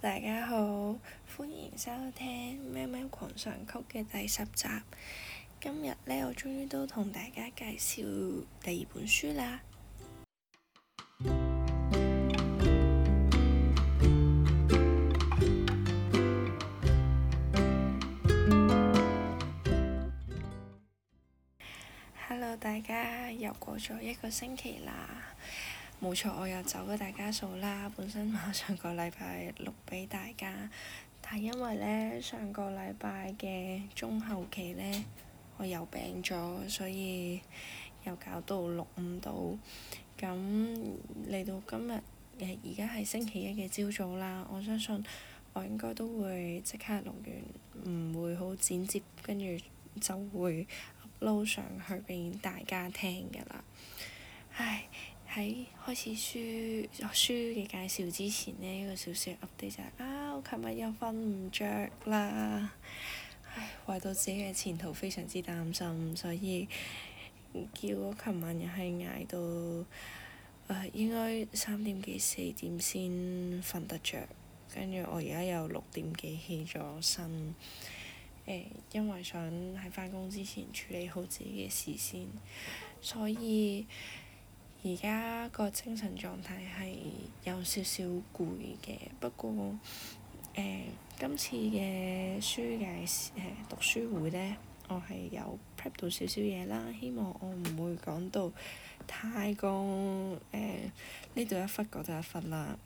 大家好，歡迎收聽《喵喵狂想曲》嘅第十集。今日呢，我終於都同大家介紹第二本書啦。 Hello，大家又過咗一個星期啦。冇錯，我又走咗大家數啦。本身話上個禮拜錄俾大家，但係因為咧上個禮拜嘅中後期咧，我又病咗，所以又搞到錄唔到。咁嚟到今日誒，而家係星期一嘅朝早啦。我相信我應該都會即刻錄完，唔會好剪接，跟住就會 upload 上去俾大家聽㗎啦。唉～喺開始書書嘅介紹之前呢，一個小小 update 就係、是、啊，我琴日又瞓唔着啦，唉，為到自己嘅前途非常之擔心，所以叫我琴晚又係捱到誒、呃、應該三點幾四點先瞓得着。跟住我而家又六點幾起咗身、呃，因為想喺翻工之前處理好自己嘅事先，所以。而家個精神狀態係有少少攰嘅，不過、呃、今次嘅書嘅誒、呃、讀書會呢，我係有 prep 到少少嘢啦，希望我唔會講到太過呢度、呃、一忽嗰度一忽啦。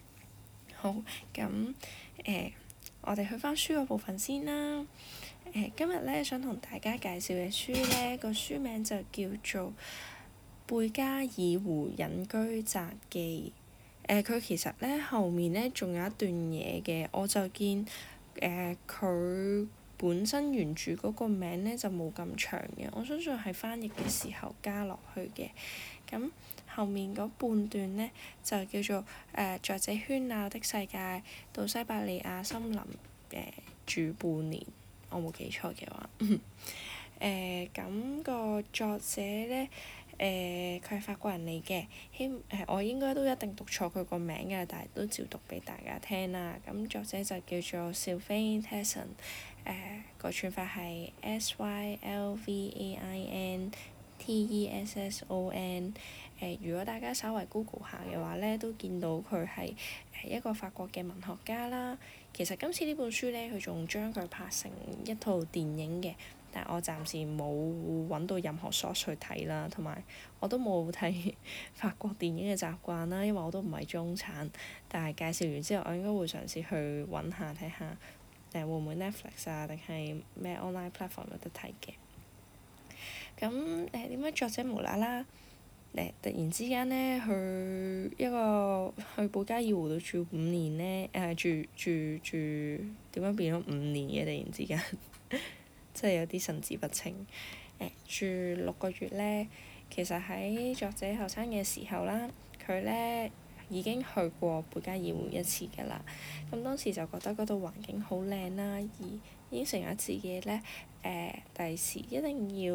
好，咁、呃、我哋去翻書嗰部分先啦。呃、今日呢，想同大家介紹嘅書呢，個書名就叫做，貝加爾湖隱居札記，誒、呃、佢其實咧後面咧仲有一段嘢嘅，我就見誒佢、呃、本身原著嗰個名咧就冇咁長嘅，我相信係翻譯嘅時候加落去嘅。咁後面嗰半段咧就叫做誒作、呃、者喧鬧的世界到西伯利亞森林誒、呃、住半年，我冇記錯嘅話，誒 咁、呃那個作者咧。誒佢係法國人嚟嘅，希誒、呃、我應該都一定讀錯佢個名㗎，但係都照讀俾大家聽啦。咁、嗯、作者就叫做 Sylvain Tesson，誒、呃、個串法係 S Y L V A I N T E S S O N。誒、e 呃、如果大家稍微 Google 下嘅話咧，都見到佢係誒一個法國嘅文學家啦。其實今次呢本書咧，佢仲將佢拍成一套電影嘅。但係我暫時冇揾到任何 source 去睇啦，同埋我都冇睇法國電影嘅習慣啦，因為我都唔係中產。但係介紹完之後，我應該會嘗試去揾下睇下，誒會唔會 Netflix 啊，定係咩 online platform 有得睇嘅？咁誒點解作者無啦啦誒突然之間咧去一個去貝加爾湖度住五年咧？誒、呃、住住住點樣變咗五年嘅？突然之間？ 真係有啲神志不清、呃。住六個月呢，其實喺作者後生嘅時候啦，佢呢已經去過貝加爾湖一次㗎啦。咁當時就覺得嗰度環境好靚啦，而應承咗自己呢，誒、呃，第時一定要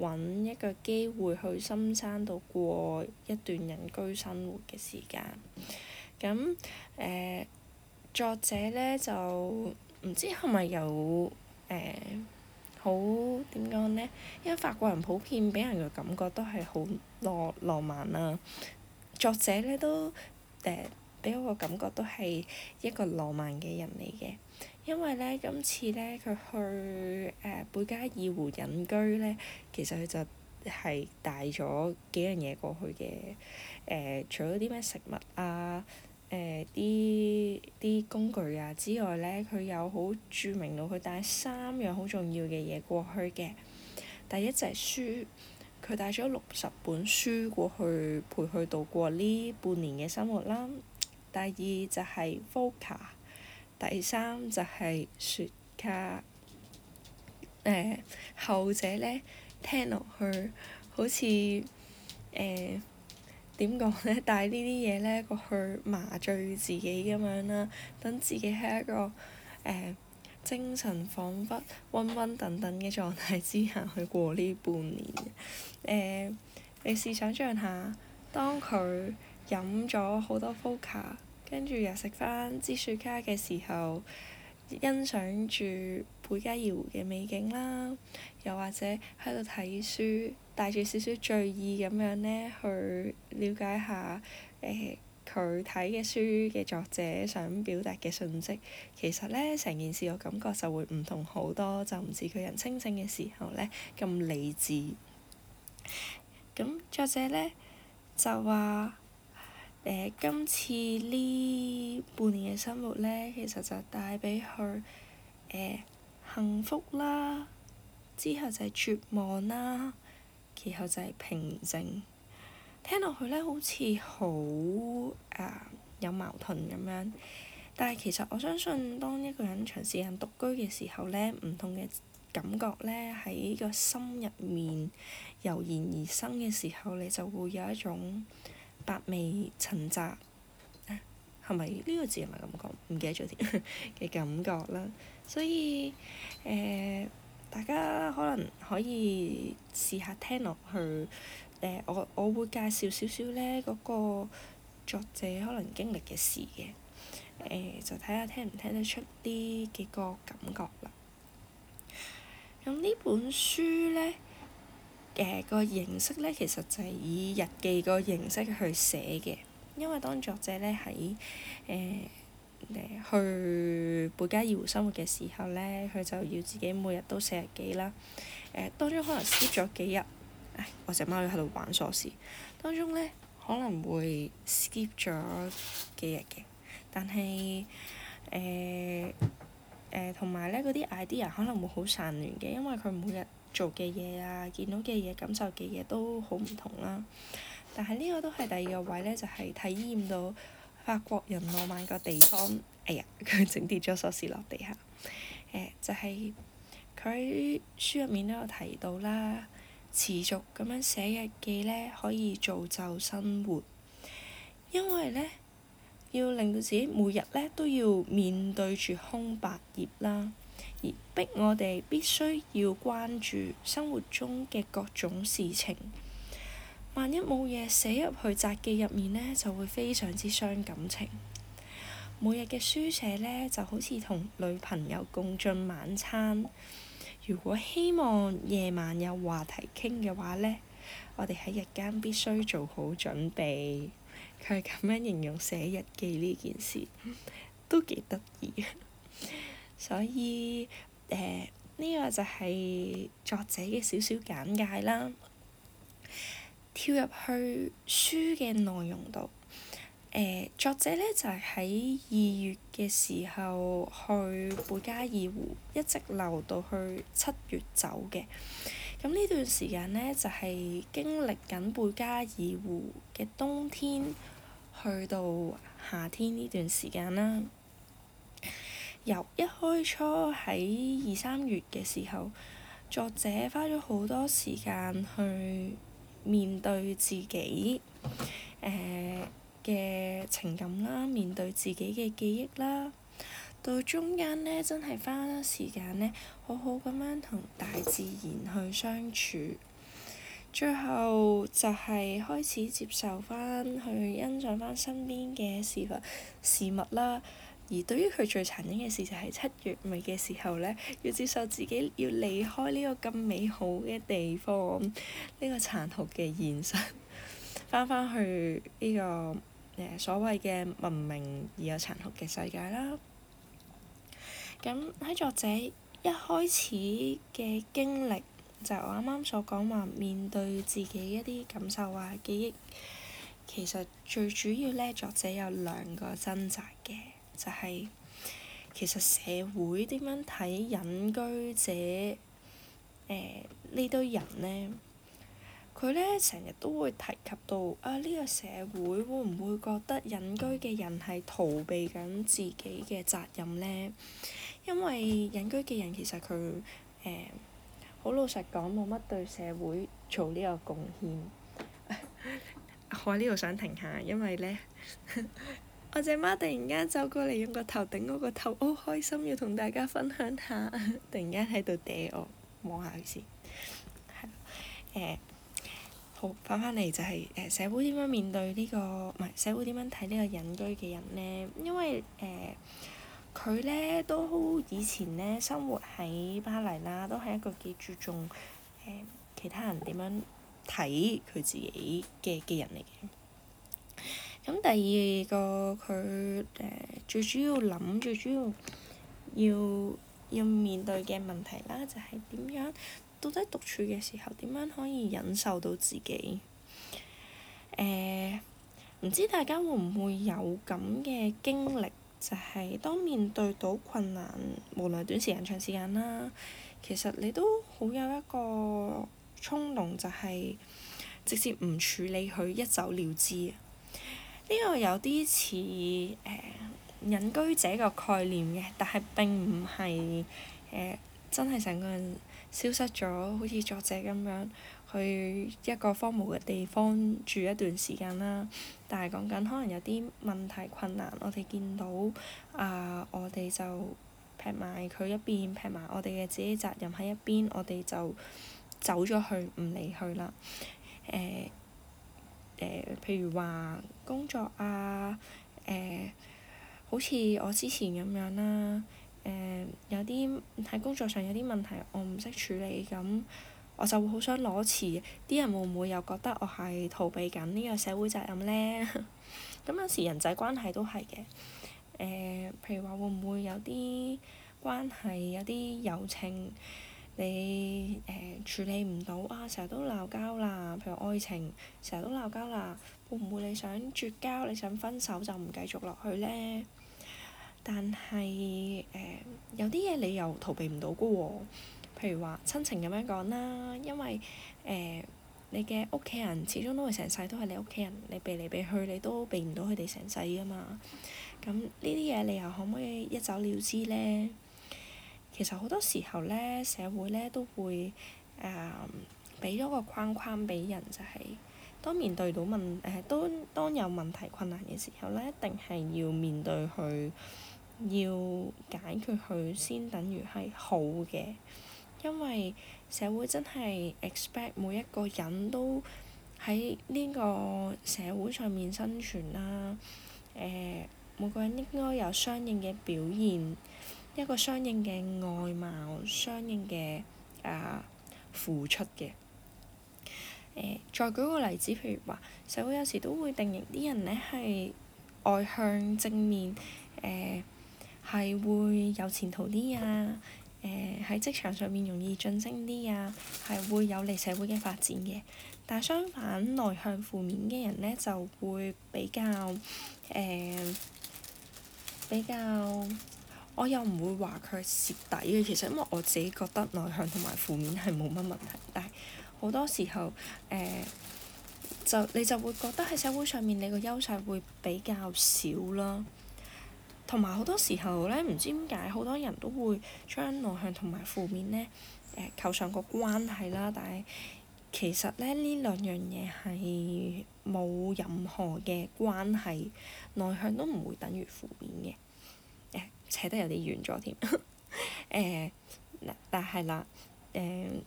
揾一個機會去深山度過一段隱居生活嘅時間。咁誒、呃，作者呢，就唔知係咪有誒？呃好，點講咧？因為法國人普遍俾人嘅感覺都係好浪浪漫啊。作者咧都誒俾、呃、我嘅感覺都係一個浪漫嘅人嚟嘅。因為咧，今次咧佢去誒、呃、貝加爾湖隱居咧，其實佢就係帶咗幾樣嘢過去嘅誒、呃，除咗啲咩食物啊～誒啲啲工具啊之外咧，佢有好註明到佢帶三樣好重要嘅嘢過去嘅。第一就係書，佢帶咗六十本書過去陪佢度過呢半年嘅生活啦。第二就係 vodka；第三就係雪茄。誒，後者咧，聽落去好似誒。呃點講咧？帶呢啲嘢咧，過去麻醉自己咁樣啦，等自己喺一個誒、呃、精神恍惚、昏昏等等嘅狀態之下去過呢半年。誒、呃，你試想像下，當佢飲咗好多伏特加，跟住又食翻支雪茄嘅時候，欣賞住貝加爾湖嘅美景啦，又或者喺度睇書。帶住少少醉意咁樣呢，去了解下誒佢睇嘅書嘅作者想表達嘅信息。其實呢，成件事我感覺就會唔同好多，就唔似佢人清醒嘅時候呢咁理智。咁作者呢，就話誒、呃，今次呢半年嘅生活呢，其實就帶畀佢誒幸福啦，之後就係絕望啦。其後就係平靜，聽落去咧好似好啊有矛盾咁樣，但係其實我相信當一個人長時間獨居嘅時候咧，唔同嘅感覺咧喺個心入面油然而生嘅時候，你就會有一種百味陳雜，係咪？呢個字係咪咁講？唔記得咗添嘅感覺啦，所以誒。啊大家可能可以試下聽落去，誒、呃，我我會介紹少少咧嗰個作者可能經歷嘅事嘅，誒、呃，就睇下聽唔聽得出啲幾個感覺啦。咁呢本書咧，誒、呃、個形式咧其實就係以日記個形式去寫嘅，因為當作者咧喺誒。去貝加爾湖生活嘅時候呢，佢就要自己每日都寫日記啦。誒、呃、當中可能 skip 咗幾日，誒或者貓要喺度玩鎖匙。當中呢，可能會 skip 咗幾日嘅，但係誒誒同埋呢，嗰啲 idea 可能會好散亂嘅，因為佢每日做嘅嘢啊、見到嘅嘢、感受嘅嘢都好唔同啦。但係呢個都係第二個位呢，就係、是、體驗到。法國人浪漫個地方，哎呀！佢整跌咗鎖匙落地下，呃、就係、是、佢書入面都有提到啦。持續咁樣寫日記呢，可以造就生活，因為呢，要令到自己每日呢都要面對住空白頁啦，而逼我哋必須要關注生活中嘅各種事情。萬一冇嘢寫入去札記入面呢，就會非常之傷感情。每日嘅書寫呢，就好似同女朋友共進晚餐。如果希望夜晚有話題傾嘅話呢，我哋喺日間必須做好準備。佢係咁樣形容寫日記呢件事，都幾得意。 所以，誒、呃，呢、呢個就係作者嘅少少簡介啦。跳入去書嘅內容度，誒、欸、作者咧就係喺二月嘅時候去貝加爾湖，一直留到去七月走嘅。咁呢段時間咧，就係、是、經歷緊貝加爾湖嘅冬天，去到夏天呢段時間啦。由一開初喺二、三月嘅時候，作者花咗好多時間去。面對自己誒嘅、呃、情感啦，面對自己嘅記憶啦，到中間呢，真係花咗時間呢，好好咁樣同大自然去相處。最後就係開始接受返，去欣賞返身邊嘅事物事物啦。而對於佢最殘忍嘅事，就係七月尾嘅時候咧，要接受自己要離開呢個咁美好嘅地方，呢、這個殘酷嘅現實，翻翻去呢、這個誒、呃、所謂嘅文明而又殘酷嘅世界啦。咁喺作者一開始嘅經歷，就係、我啱啱所講話，面對自己一啲感受啊、記憶，其實最主要咧，作者有兩個掙扎嘅。就係、係、其實社會點樣睇隱居者？呢、呃、堆人呢？佢咧成日都會提及到啊！「呢、呢個社會會唔會覺得隱居嘅人係逃避緊自己嘅責任呢？」因為隱居嘅人其實佢誒好老實講冇乜對社會做呢個貢獻。 我喺呢度想停下，因為咧。 我隻貓突然間走過嚟，用個頭頂我個頭，好開心，要同大家分享下。突然間喺度嗲我，摸下佢先。係，誒、呃，好翻返嚟就係、是、誒、呃、社會點樣面對呢、這個，唔、呃、係社會點樣睇呢個隱居嘅人咧？因為誒，佢、呃、咧都以前咧生活喺巴黎啦，都係一個幾注重誒、呃、其他人點樣睇佢自己嘅嘅人嚟嘅。咁第二個佢誒、呃、最主要諗、最主要要要面對嘅問題啦，就係、是、點樣？到底獨處嘅時候，點樣可以忍受到自己？誒、呃，唔知大家會唔會有咁嘅經歷？就係、是、當面對到困難，無論短時間、長時間啦，其實你都好有一個衝動，就係、是、直接唔處理佢，一走了之。呢個有啲似誒隱居者個概念嘅，但係並唔係誒真係成個人消失咗，好似作者咁樣去一個荒蕪嘅地方住一段時間啦。但係講緊可能有啲問題困難，我哋見到啊、呃，我哋就劈埋佢一邊，劈埋我哋嘅自己責任喺一邊，我哋就走咗去唔理佢啦，誒、呃。呃、譬如話工作啊，誒、呃，好似我之前咁樣啦、啊，誒、呃，有啲喺工作上有啲問題，我唔識處理，咁我就會好想裸辭，啲人會唔會又覺得我係逃避緊呢個社會責任呢？咁 有時人際關係都係嘅，誒、呃，譬如話會唔會有啲關係有啲友情？你誒、呃、處理唔到啊，成日都鬧交啦，譬如愛情，成日都鬧交啦，會唔會你想絕交，你想分手就唔繼續落去咧？但係誒、呃，有啲嘢你又逃避唔到㗎喎，譬如話親情咁樣講啦，因為誒、呃、你嘅屋企人始終都會成世都係你屋企人，你避嚟避去你都避唔到佢哋成世㗎嘛。咁呢啲嘢你又可唔可以一走了之咧？其實好多時候咧，社會咧都會誒俾咗個框框俾人，就係、是、當面對到問誒，當、呃、當有問題困難嘅時候咧，一定係要面對佢，要解決佢先，等於係好嘅。因為社會真係 expect 每一個人都喺呢個社會上面生存啦、啊。誒、呃，每個人應該有相應嘅表現。一個相應嘅外貌，相應嘅啊付出嘅。誒、呃，再舉個例子，譬如話，社會有時都會定型啲人咧，係外向正面誒，係、呃、會有前途啲啊！誒、呃，喺職場上面容易晉升啲啊，係會有利社會嘅發展嘅。但係相反，內向負面嘅人咧，就會比較誒、呃、比較。我又唔會話佢蝕底嘅，其實因為我自己覺得內向同埋負面係冇乜問題，但係好多時候誒、呃、就你就會覺得喺社會上面你個優勢會比較少啦，同埋好多時候咧唔知點解好多人都會將內向同埋負面咧誒扣上個關係啦，但係其實咧呢兩樣嘢係冇任何嘅關係，內向都唔會等於負面嘅。扯得有啲遠咗添，誒，嗱，但係啦，誒、嗯，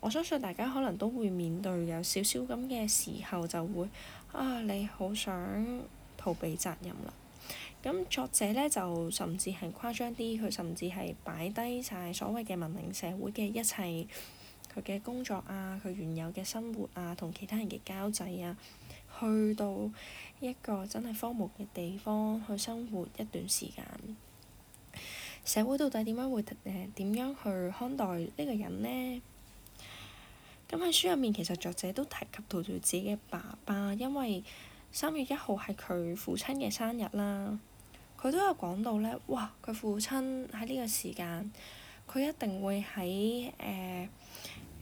我相信大家可能都會面對有少少咁嘅時候，就會啊，你好想逃避責任啦。咁作者咧就甚至係誇張啲，佢甚至係擺低晒所謂嘅文明社會嘅一切，佢嘅工作啊，佢原有嘅生活啊，同其他人嘅交際啊，去到一個真係荒蕪嘅地方去生活一段時間。社會到底點樣會誒點樣去看待呢個人呢？咁喺書入面，其實作者都提及到佢自己嘅爸爸，因為三月一號係佢父親嘅生日啦。佢都有講到咧，哇！佢父親喺呢個時間，佢一定會喺誒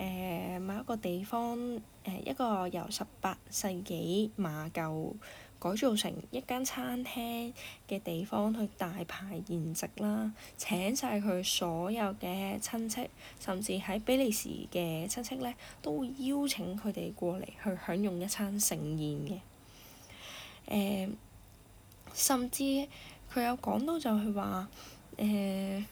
誒某一個地方誒、呃、一個由十八世紀馬廄，改造成一間餐廳嘅地方去大排筵席啦！請晒佢所有嘅親戚，甚至喺比利時嘅親戚呢都會邀請佢哋過嚟去享用一餐盛宴嘅。誒、嗯，甚至佢有講到就係話，誒、嗯，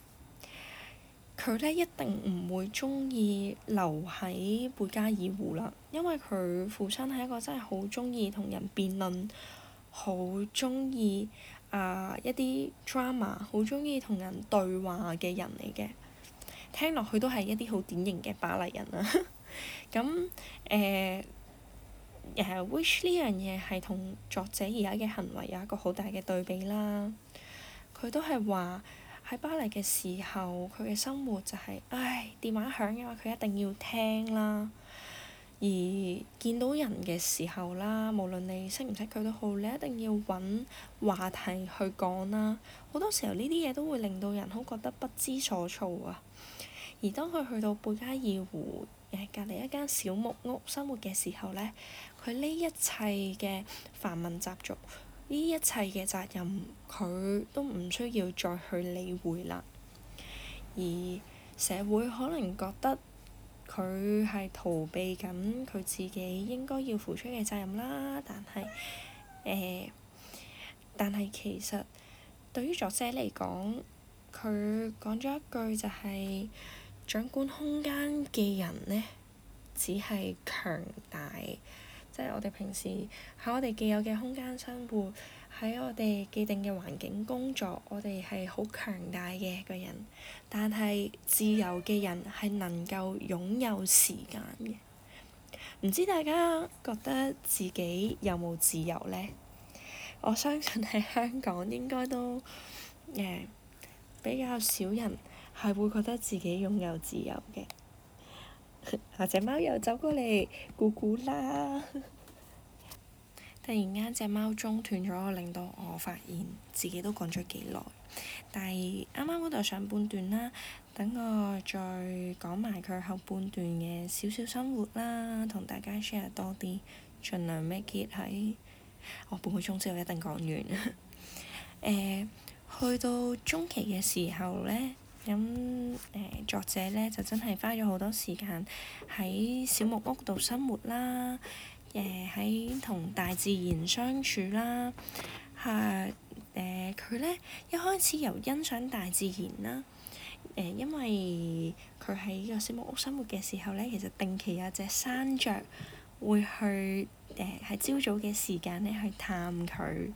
佢咧一定唔會鍾意留喺貝加爾湖啦，因為佢父親係一個真係好鍾意同人辯論。好中意啊一啲 drama，好中意同人對話嘅人嚟嘅，聽落去都係一啲好典型嘅巴黎人啦、啊。咁誒誒 wish 呢樣嘢係同作者而家嘅行為有一個好大嘅對比啦。佢都係話喺巴黎嘅時候，佢嘅生活就係、是，唉，電話響嘅話，佢一定要聽啦。而見到人嘅時候啦，無論你識唔識佢都好，你一定要搵話題去講啦。好多時候呢啲嘢都會令到人好覺得不知所措啊。而當佢去到貝加爾湖誒隔離一間小木屋生活嘅時候咧，佢呢一切嘅繁文習俗，呢一切嘅責任，佢都唔需要再去理會啦。而社會可能覺得。佢係逃避緊佢自己應該要付出嘅責任啦，但係誒、呃，但係其實對於作者嚟講，佢講咗一句就係、是、掌管空間嘅人呢，只係強大。即、就、係、是、我哋平時喺我哋既有嘅空間生活，喺我哋既定嘅環境工作，我哋係好強大嘅一個人，但係自由嘅人係能夠擁有時間嘅。唔知大家覺得自己有冇自由呢？我相信喺香港應該都誒、呃、比較少人係會覺得自己擁有自由嘅。嗱 隻貓又走過嚟，咕咕啦～突然間隻貓中斷咗，令到我發現自己都講咗幾耐，但係啱啱嗰度上半段啦，等我再講埋佢後半段嘅小小生活啦，同大家 share 多啲，盡量 make it 喺我半個鐘之後一定講完。誒、 呃，去到中期嘅時候咧，咁誒、呃、作者咧就真係花咗好多時間喺小木屋度生活啦。誒喺同大自然相處啦，係誒佢咧一開始由欣賞大自然啦。誒、呃，因為佢喺個小木屋生活嘅時候咧，其實定期有隻山雀會去誒喺朝早嘅時間咧去探佢，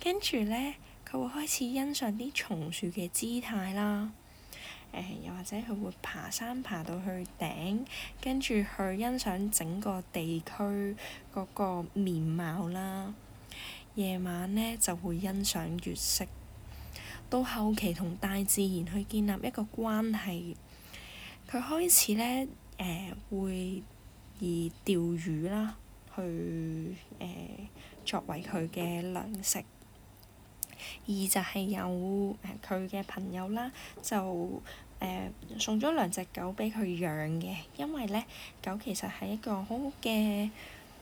跟住咧佢會開始欣賞啲松樹嘅姿態啦。啊誒又或者佢會爬山爬到去頂，跟住去欣賞整個地區嗰個面貌啦。夜晚咧就會欣賞月色。到後期同大自然去建立一個關係。佢開始咧誒、呃、會以釣魚啦，去、呃、誒作為佢嘅糧食。二就係有佢嘅朋友啦，就誒、呃、送咗兩隻狗俾佢養嘅，因為咧狗其實係一個好好嘅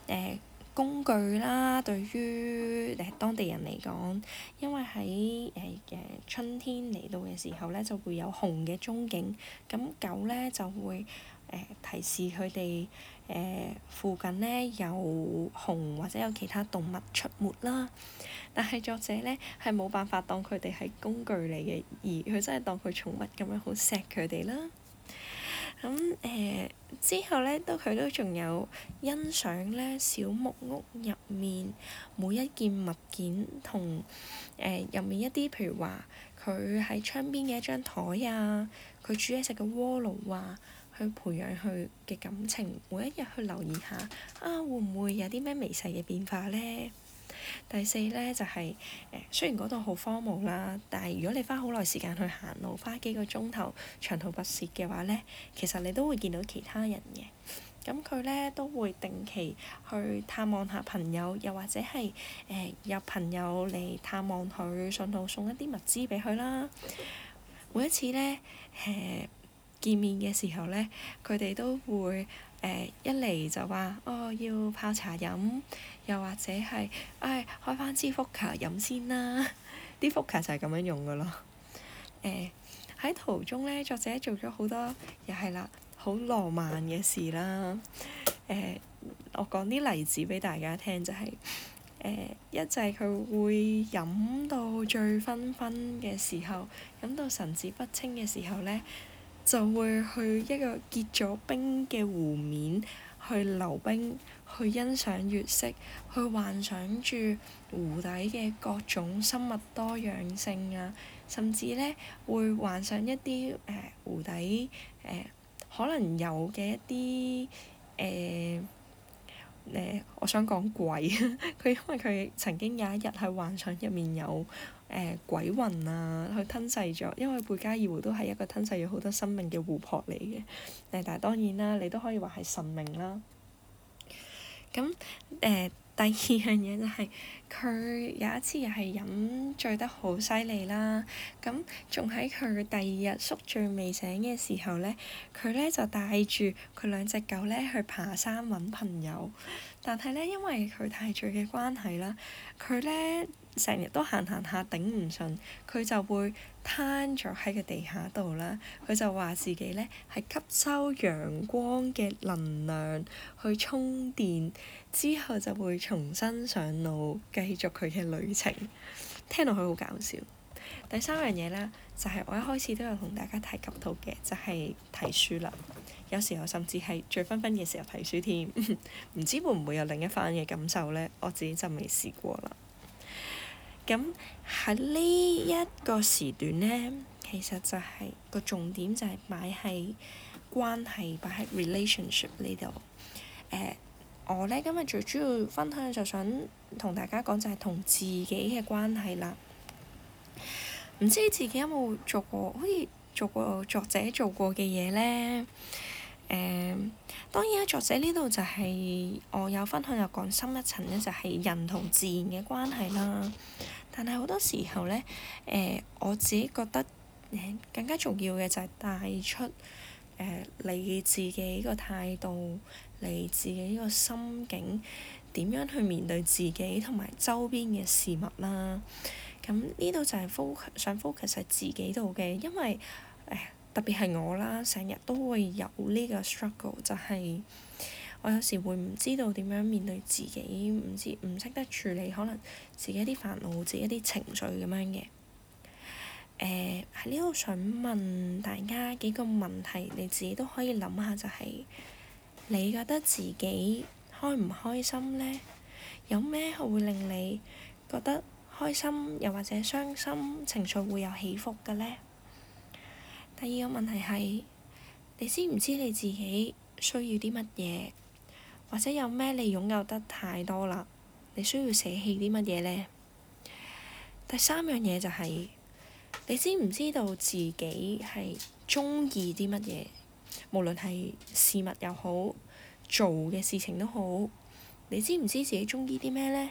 誒工具啦，對於誒當地人嚟講，因為喺誒誒春天嚟到嘅時候咧，就會有紅嘅蹤影，咁狗咧就會。呃、提示佢哋誒附近呢有熊或者有其他動物出沒啦，但係作者呢係冇辦法當佢哋係工具嚟嘅，而佢真係當佢寵物咁樣好錫佢哋啦。咁、嗯、誒、呃、之後呢，都佢都仲有欣賞呢小木屋入面每一件物件同誒入面一啲，譬如話佢喺窗邊嘅一張枱啊，佢煮嘢食嘅鍋爐啊。去培養佢嘅感情，每一日去留意下啊，會唔會有啲咩微細嘅變化咧？第四咧就係、是、誒、呃，雖然嗰度好荒蕪啦，但係如果你花好耐時間去行路，花幾個鐘頭長途跋涉嘅話咧，其實你都會見到其他人嘅。咁佢咧都會定期去探望下朋友，又或者係誒、呃、有朋友嚟探望佢，順道送一啲物資俾佢啦。每一次咧誒。呃見面嘅時候呢，佢哋都會誒一嚟就話：哦，要泡茶飲，又或者係誒開返支福卡飲先啦。啲福卡就係咁樣用噶咯。誒喺途中呢，作者做咗好多又係啦，好浪漫嘅事啦。誒，我講啲例子俾大家聽，就係誒一就係佢會飲到醉醺醺嘅時候，飲到神志不清嘅時候呢，就會去一個結咗冰嘅湖面去溜冰，去欣賞月色，去幻想住湖底嘅各種生物多樣性啊，甚至呢，會幻想一啲誒、呃、湖底、呃、可能有嘅一啲誒、呃呃、我想講鬼佢 因為佢曾經有一日喺幻想入面有。誒、呃、鬼魂啊，去吞噬咗，因為貝加爾湖都係一個吞噬咗好多生命嘅湖泊嚟嘅，誒，但係當然啦，你都可以話係神明啦。咁誒、呃，第二樣嘢就係、是。佢有一次又係飲醉得好犀利啦，咁仲喺佢第二日宿醉未醒嘅時候咧，佢咧就帶住佢兩隻狗咧去爬山揾朋友，但係咧因為佢太醉嘅關係啦，佢咧成日都行行下頂唔順，佢就會攤咗喺個地下度啦。佢就話自己咧係吸收陽光嘅能量去充電，之後就會重新上路。繼續佢嘅旅程，聽落去好搞笑。第三樣嘢咧，就係、是、我一開始都有同大家提及到嘅，就係、是、睇書啦。有時候甚至係醉醺醺嘅時候睇書添，唔 知會唔會有另一番嘅感受呢？我自己就未試過啦。咁喺呢一個時段呢，其實就係、是、個重點，就係擺喺關係，擺喺 relationship 呢度。呃，我呢今日最主要分享就想。同大家講就係同自己嘅關係啦。唔知自己有冇做過，好似做過作者做過嘅嘢呢？誒、嗯，當然啦，作者呢度就係、是、我有分享，又講深一層呢就係人同自然嘅關係啦。但係好多時候呢，誒、呃，我自己覺得更加重要嘅就係帶出你、呃、自己個態度，你自己呢個心境，點樣去面對自己同埋周邊嘅事物啦？咁呢度就係想 focus 喺自己度嘅，因為誒特別係我啦，成日都會有呢個 struggle，就係我有時會唔知道點樣面對自己，唔知唔識得處理可能自己啲煩惱、自己啲情緒咁樣嘅。誒喺呢度想問大家幾個問題，你自己都可以諗下、就係，就係你覺得自己開唔開心呢？有咩會令你覺得開心，又或者傷心？情緒會有起伏嘅呢？第二個問題係：你知唔知你自己需要啲乜嘢？或者有咩你擁有得太多啦？你需要捨棄啲乜嘢呢？第三樣嘢就係：你知唔知道自己係鍾意啲乜嘢？無論係事物又好。做嘅事情都好，你知唔知自己中意啲咩呢？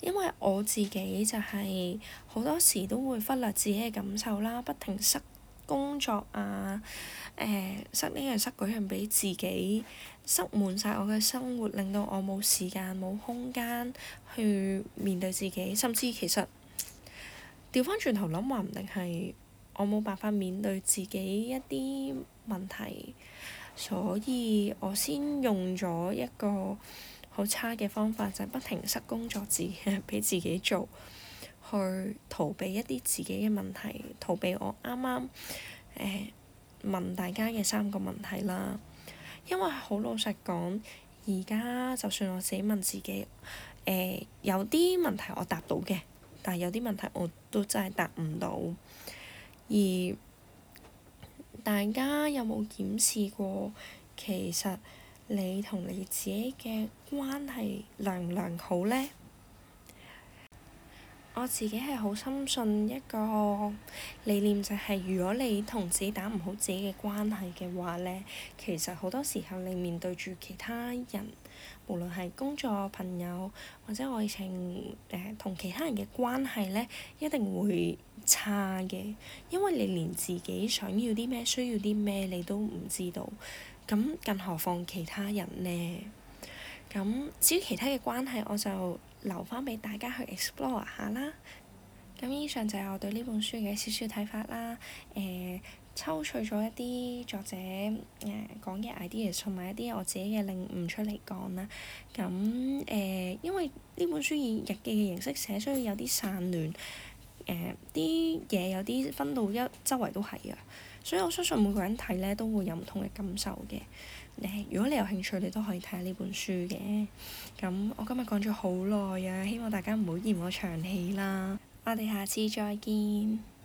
因為我自己就係好多時都會忽略自己嘅感受啦，不停塞工作啊，誒塞呢樣塞嗰樣俾自己，塞滿晒我嘅生活，令到我冇時間冇空間去面對自己，甚至其實調翻轉頭諗話唔定係我冇辦法面對自己一啲問題。所以我先用咗一個好差嘅方法，就係、不停塞工作紙俾 自己做，去逃避一啲自己嘅問題，逃避我啱啱誒問大家嘅三個問題啦。因為好老實講，而家就算我自己問自己，呃、有啲問題我答到嘅，但係有啲問題我都真係答唔到。而大家有冇檢視過？其實你同你自己嘅關係良唔良好呢？我自己係好深信一個理念，就係如果你同自己打唔好自己嘅關係嘅話呢，其實好多時候你面對住其他人。無論係工作、朋友或者愛情，誒、呃、同其他人嘅關係咧，一定會差嘅，因為你連自己想要啲咩、需要啲咩，你都唔知道，咁更何況其他人呢？咁至於其他嘅關係，我就留翻俾大家去 explore 下啦。咁以上就係我對呢本書嘅少少睇法啦，誒、呃。抽取咗一啲作者誒、呃、講嘅 ideas 同埋一啲我自己嘅領悟出嚟講啦。咁誒、呃，因為呢本書以日記嘅形式寫，所以有啲散亂。誒、呃，啲嘢有啲分到一周圍都係啊，所以我相信每個人睇咧都會有唔同嘅感受嘅。誒、呃，如果你有興趣，你都可以睇下呢本書嘅。咁我今日講咗好耐啊，希望大家唔好嫌我長氣啦。我哋下次再見。